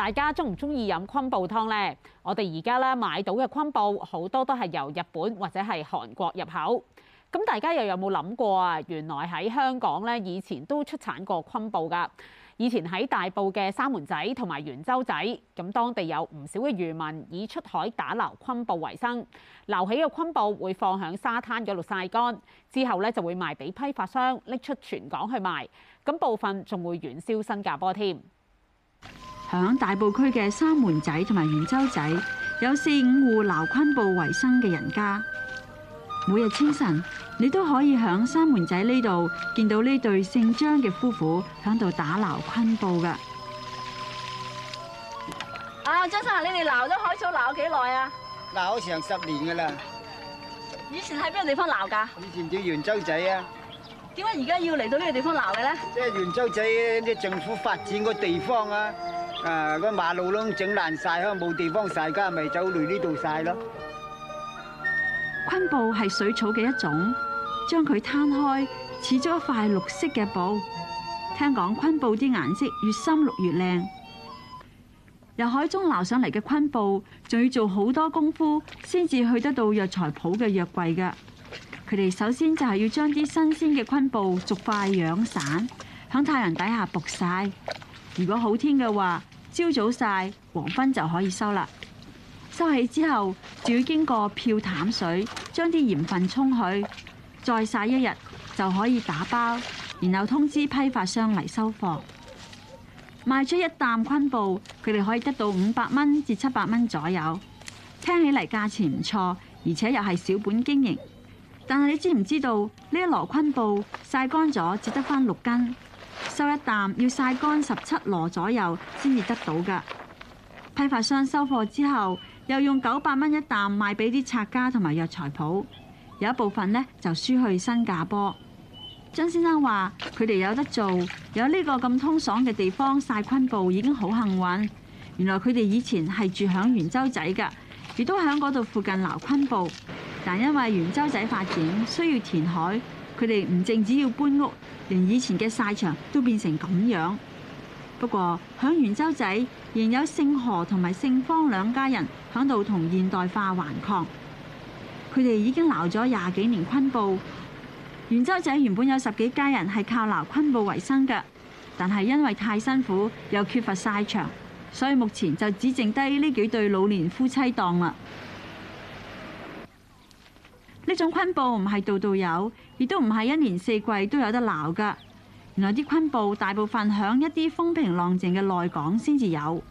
大家鍾唔鍾意飲昆布湯呢？我哋而家咧買到嘅昆布好多都係由日本或者係韓國入口。咁大家又有冇諗過啊？原來喺香港咧以前都出產過昆布㗎。以前喺大埔嘅三門仔同埋元洲仔咁，當地有唔少嘅漁民以出海打撈昆布為生。撈起嘅昆布會放喺沙灘嗰度曬乾，之後咧就會賣俾批發商拎出全港去賣，咁部分仲會遠銷新加坡添。響大埔區嘅三門仔同埋元洲仔有四五戶撈昆布為生嘅人家每神，每日清晨你都可以響三門仔呢度見到呢對姓張嘅夫婦響度打撈昆布噶。啊，張生，你哋撈咗海草撈幾耐啊？撈咗成十年噶啦。以前喺邊個地方撈噶？以前叫元洲仔啊。點解而家要嚟到呢個地方撈嘅咧？即係元洲仔即係政府發展個地方啊。誒，個馬路都整爛晒，冇地方晒，咁咪走嚟呢度晒咯。昆布係水草嘅一種，將佢攤開，似咗一塊綠色嘅布。聽講昆布啲顏色越深綠越靚。由海中撈上嚟嘅昆布，仲要做好多功夫先至去得到藥材鋪嘅藥櫃嘅。佢哋首先就係要將啲新鮮嘅昆布逐塊養散，響太陽底下曝曬。如果好天嘅話，朝早曬，黃昏就可以收啦。收起之後，就要經過漂淡水，將啲鹽分沖去，再曬一日就可以打包，然後通知批發商嚟收貨。賣出一擔昆布，佢哋可以得到五百蚊至七百蚊左右，聽起嚟價錢唔錯，而且又係小本經營。但係你知唔知道呢？這一籮昆布曬乾咗，只得返六斤。收一擔要晒乾十七籮左右先至得到噶，批發商收貨之後又用九百蚊一擔賣俾啲拆家同埋藥材鋪，有一部分呢就輸去新加坡。張先生話：佢哋有得做，有呢個咁通爽嘅地方晒昆布已經好幸運。原來佢哋以前係住響元洲仔嘅，亦都響嗰度附近撈昆布，但因為元洲仔發展需要填海。佢哋唔淨止要搬屋，連以前嘅曬場都變成咁樣。不過，響元洲仔仍有姓何同埋姓方兩家人喺度同現代化環抗。佢哋已經撈咗廿幾年昆布。元洲仔原本有十幾家人係靠撈昆布為生嘅，但係因為太辛苦又缺乏曬場，所以目前就只剩低呢幾對老年夫妻檔啦。呢種昆布唔係度度有，亦都唔係一年四季都有得撈噶。原來啲昆布大部分響一啲風平浪靜嘅內港先至有。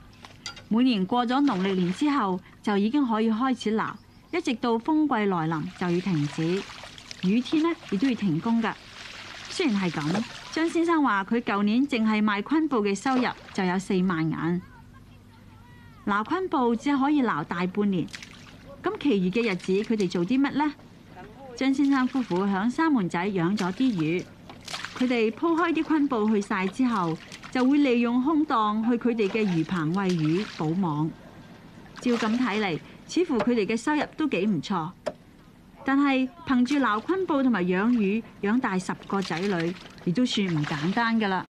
每年過咗農曆年之後，就已經可以開始撈，一直到風季來臨就要停止。雨天呢，亦都要停工噶。雖然係咁，張先生話佢舊年淨係賣昆布嘅收入就有四萬銀。撈昆布只可以撈大半年，咁其餘嘅日子，佢哋做啲乜呢？張先生夫婦喺三門仔養咗啲魚，佢哋鋪開啲昆布去晒之後，就會利用空檔去佢哋嘅魚棚餵魚、補網。照咁睇嚟，似乎佢哋嘅收入都幾唔錯，但係憑住撈昆布同埋養魚養大十個仔女，亦都算唔簡單㗎喇。